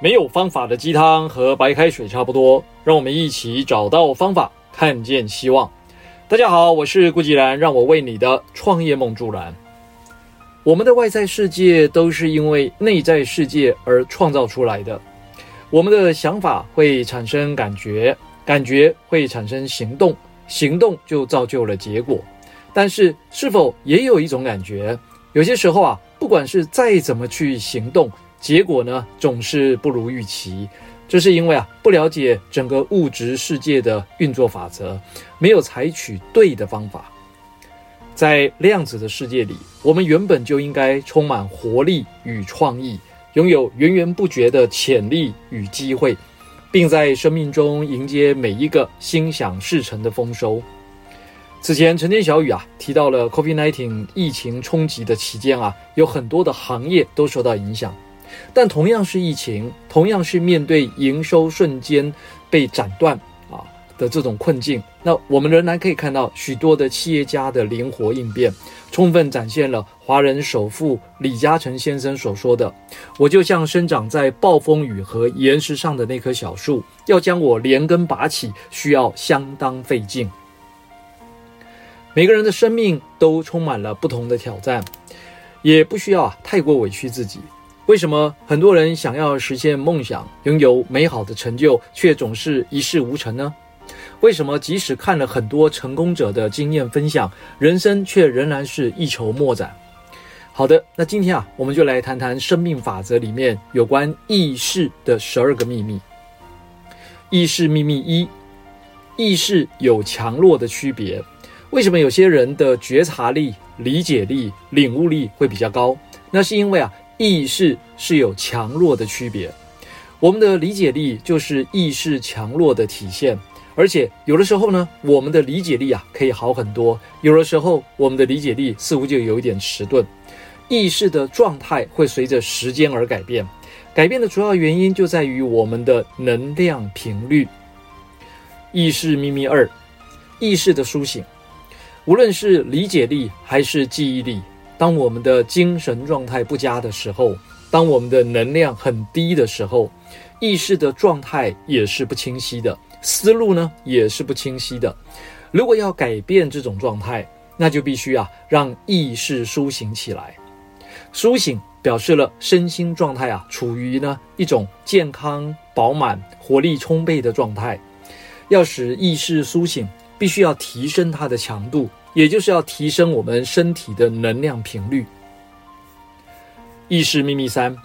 沒有方法的雞湯和白開水差不多，讓我們一起找到方法，看見希望。大家好，我是顧繼然，讓我為你的創業夢助燃。我們的外在世界都是因為內在世界而創造出來的。我們的想法會產生感覺，感覺會產生行動，行動就造就了結果。但是，是否也有一種感覺？有些時候啊，不管是再怎麼去行動，結果呢，總是不如預期，這是因為啊，不了解整個物質世界的運作法則，沒有採取對的方法。在量子的世界裡，我們原本就應該充滿活力與創意，擁有源源不絕的潛力與機會，並在生命中迎接每一個心想事成的豐收。此前，陳天小雨啊，提到了 COVID-19 疫情衝擊的期間啊，有很多的行業都受到影響。但同樣是疫情，同樣是面對營收瞬間被斬斷啊的這種困境，那我們仍然可以看到許多的企業家的靈活應變，充分展現了華人首富李嘉誠先生所說的：“我就像生長在暴風雨和岩石上的那棵小樹，要將我連根拔起需要相當費勁。”每個人的生命都充滿了不同的挑戰，也不需要啊太過委屈自己。為什麼很多人想要實現夢想，擁有美好的成就，卻總是一事無成呢？為什麼即使看了很多成功者的經驗分享，人生卻仍然是一籌莫展？好的，那今天啊，我們就來談談生命法則裡面有關意識的十二個秘密。意識秘密一，意識有強弱的區別。為什麼有些人的覺察力、理解力、領悟力會比較高？那是因為啊。意識是有強弱的區別，我們的理解力就是意識強弱的體現。而且有的時候呢，我們的理解力啊可以好很多；有的時候，我們的理解力似乎就有一點遲鈍。意識的狀態會隨着時間而改變，改變的主要原因就在於我們的能量頻率。意識秘密二：意識的甦醒，無論是理解力還是記憶力。當我們的精神狀態不佳的時候，當我們的能量很低的時候，意識的狀態也是不清晰的，思路呢也是不清晰的。如果要改變這種狀態，那就必須啊讓意識甦醒起來。甦醒表示了身心狀態啊處於呢一種健康飽滿、活力充沛的狀態。要使意識甦醒，必須要提升它的強度。也就是要提升我們身體的能量頻率。意識秘密三，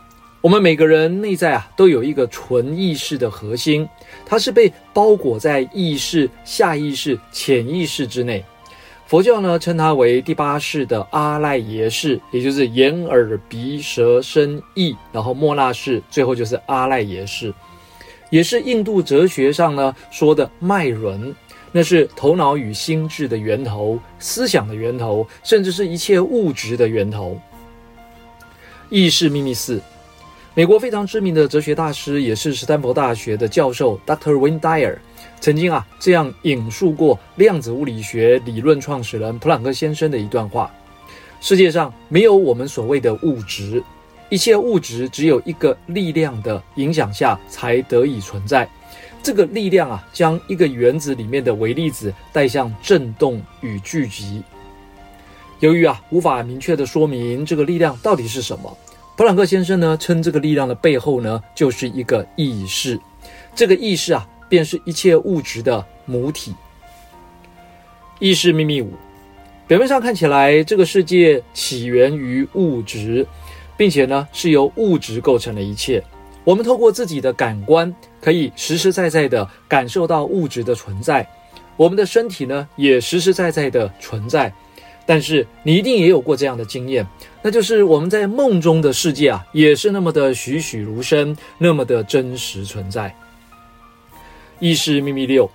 我們每個人內在啊都有一個純意識的核心，它是被包裹在意識、下意識、潛意識之內。佛教呢稱它為第八識的阿賴耶識，也就是眼、耳、鼻、舌、身、意，然後末那識，最後就是阿賴耶識，也是印度哲學上呢說的脈輪。那是頭腦與心智的源頭，思想的源頭，甚至是一切物質的源頭。意識秘密四，美國非常知名的哲學大師，也是斯坦福大學的教授 Dr. Wayne Dyer 曾經啊這樣引述過量子物理學理論創始人普朗克先生的一段話：世界上沒有我們所謂的物質，一切物質只有一個力量的影響下才得以存在。這個力量啊，將一個原子裡面的微粒子帶向振動與聚集。由於啊無法明確的說明這個力量到底是什麼，普朗克先生呢稱這個力量的背後呢就是一個意識。這個意識啊，便是一切物質的母體。意識秘密五，表面上看起來這個世界起源於物質，並且呢是由物質構成的一切。我們透過自己的感官。可以實實在在的感受到物質的存在，我們的身體呢也實實在在的存在。但是你一定也有過這樣的經驗，那就是我們在夢中的世界啊，也是那麼的栩栩如生，那麼的真實存在。意識秘密六，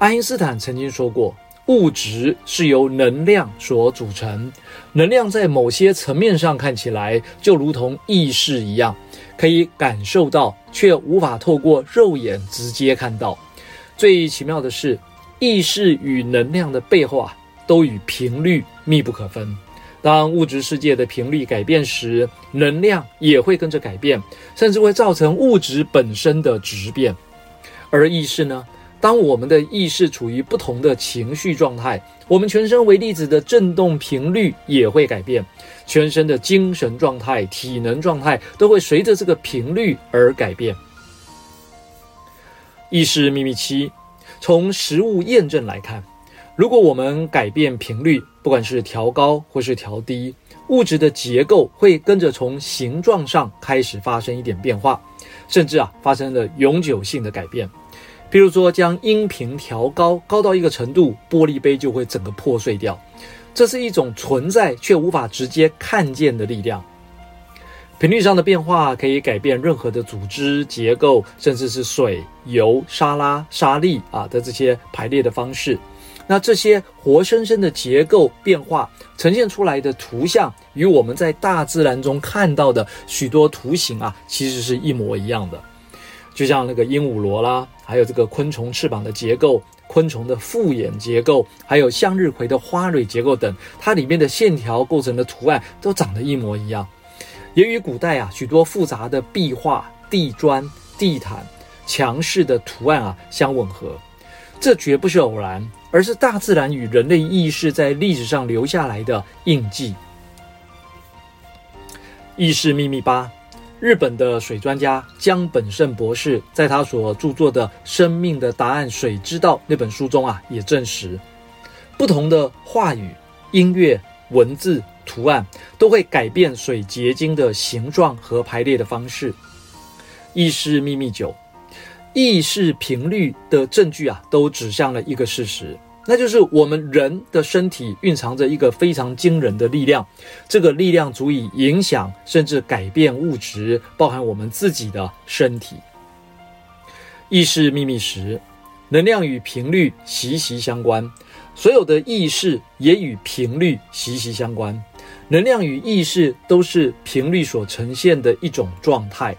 愛因斯坦曾經說過。物質是由能量所組成，能量在某些層面上看起來就如同意識一樣，可以感受到，卻無法透過肉眼直接看到。最奇妙的是，意識與能量的背後啊，都與頻率密不可分。當物質世界的頻率改變時，能量也會跟着改變，甚至會造成物質本身的質變。而意識呢？當我們的意識處於不同的情緒狀態，我們全身微粒子的振動頻率也會改變，全身的精神狀態、體能狀態都會隨着這個頻率而改變。意識秘密七，從實物驗證來看，如果我們改變頻率，不管是調高或是調低，物質的結構會跟着從形狀上開始發生一點變化，甚至啊發生了永久性的改變。比如說，將音頻調高，高到一個程度，玻璃杯就會整個破碎掉。這是一種存在卻無法直接看見的力量。頻率上的變化可以改變任何的組織結構，甚至是水、油、沙拉、沙粒啊的這些排列的方式。那這些活生生的結構變化呈現出來的圖像，與我們在大自然中看到的許多圖形啊，其實是一模一樣的。就像那個鸚鵡螺啦，還有這個昆蟲翅膀的結構、昆蟲的複眼結構，還有向日葵的花蕊結構等，它裡面的線條構成的圖案都長得一模一樣，也與古代啊許多複雜的壁畫、地磚、地毯、牆飾的圖案啊相吻合。這絕不是偶然，而是大自然與人類意識在歷史上留下來的印記。意識秘密八。日本的水專家江本勝博士在他所著作的《生命的答案：水知道》那本書中啊，也證實，不同的話語、音樂、文字、圖案都會改變水結晶的形狀和排列的方式。意識秘密九，意識頻率的證據啊，都指向了一個事實。那就是我們人的身體蘊藏着一個非常驚人的力量，這個力量足以影響甚至改變物質，包含我們自己的身體。意識秘密十，能量與頻率息息相關，所有的意識也與頻率息息相關，能量與意識都是頻率所呈現的一種狀態。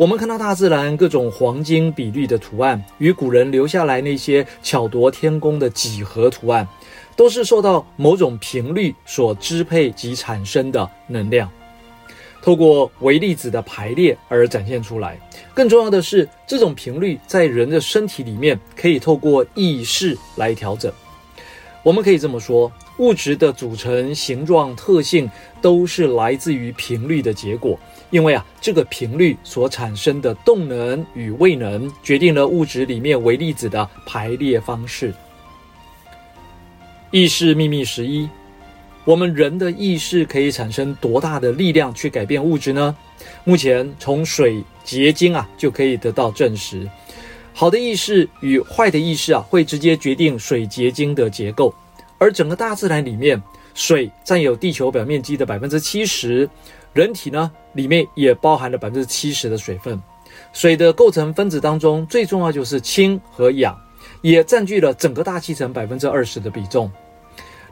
我們看到大自然各種黃金比例的圖案，與古人留下來那些巧奪天工的幾何圖案，都是受到某種頻率所支配及產生的能量，透過微粒子的排列而展現出來。更重要的是，這種頻率在人的身體裡面可以透過意識來調整。我們可以這麼說。物質的組成、形狀、特性都是來自於頻率的結果，因為啊，這個頻率所產生的動能與位能決定了物質裡面微粒子的排列方式。意識秘密十一，我們人的意識可以產生多大的力量去改變物質呢？目前從水結晶啊就可以得到證實，好的意識與壞的意識啊會直接決定水結晶的結構。而整個大自然裡面，水占有地球表面積的百分之七十，人體呢裡面也包含了百分之七十的水分。水的構成分子當中，最重要就是氫和氧，也占據了整個大氣層百分之二十的比重。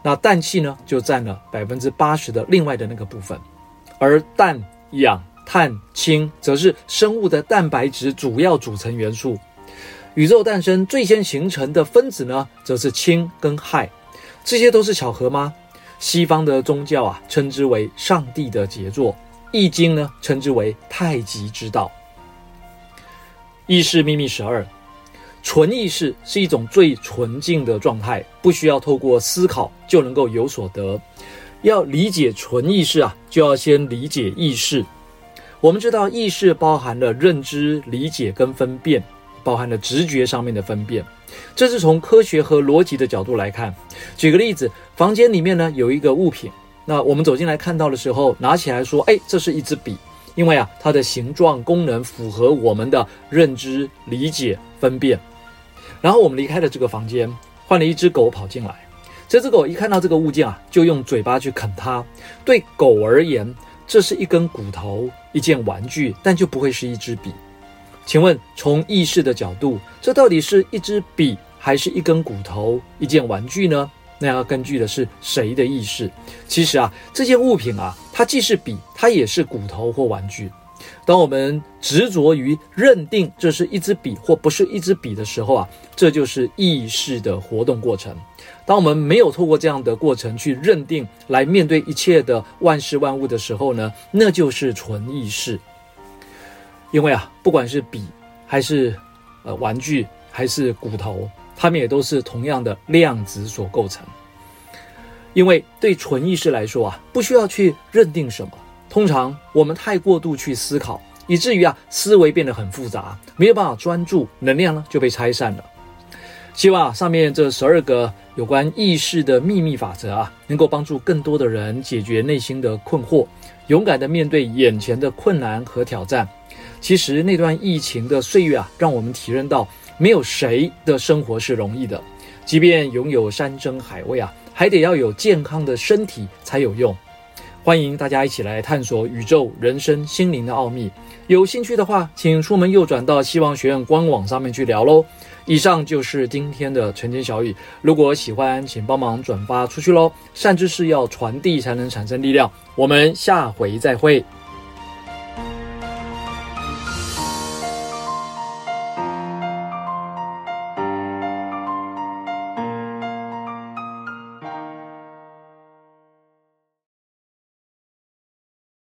那氮氣呢，就占了百分之八十的另外的那個部分。而氮、氧、碳、氫，則是生物的蛋白質主要組成元素。宇宙誕生最先形成的分子呢，則是氫跟氦。這些都是巧合嗎？西方的宗教啊，稱之為上帝的傑作；《易經》呢，稱之為太極之道。意識秘密十二，純意識是一種最純淨的狀態，不需要透過思考就能夠有所得。要理解純意識啊，就要先理解意識。我們知道，意識包含了認知、理解跟分辨。包含了直覺上面的分辨，這是從科學和邏輯的角度來看。舉個例子，房間裡面呢有一個物品，那我們走進來看到的時候，拿起來說：“哎，這是一支筆，因為啊它的形狀、功能符合我們的認知、理解、分辨。”然後我們離開了這個房間，換了一隻狗跑進來。這隻狗一看到這個物件啊，就用嘴巴去啃它。對狗而言，這是一根骨頭、一件玩具，但就不會是一支筆。請問，從意識的角度，這到底是一支筆，還是一根骨頭，一件玩具呢？那要根據的是誰的意識？其實啊，這件物品啊，它既是筆，它也是骨頭或玩具。當我們執着於認定這是一支筆或不是一支筆的時候啊，這就是意識的活動過程。當我們沒有透過這樣的過程去認定來面對一切的萬事萬物的時候呢，那就是純意識。因為啊，不管是筆還是呃玩具，還是骨頭，它們也都是同樣的量子所構成。因為對純意識來說啊，不需要去認定什麼。通常我們太過度去思考，以至於啊思維變得很複雜，沒有辦法專注，能量呢就被拆散了。希望啊，上面這十二個有關意識的秘密法則啊，能夠幫助更多的人解決內心的困惑，勇敢的面對眼前的困難和挑戰。其實那段疫情的歲月啊，讓我們體認到沒有誰的生活是容易的，即便擁有山珍海味啊，還得要有健康的身體才有用。歡迎大家一起來探索宇宙、人生、心靈的奧秘。有興趣的話，請出門右轉到希望學院官網上面去聊嘍。以上就是今天的晨間小語，如果喜歡，請幫忙轉發出去嘍。善知識要傳遞才能產生力量。我們下回再會。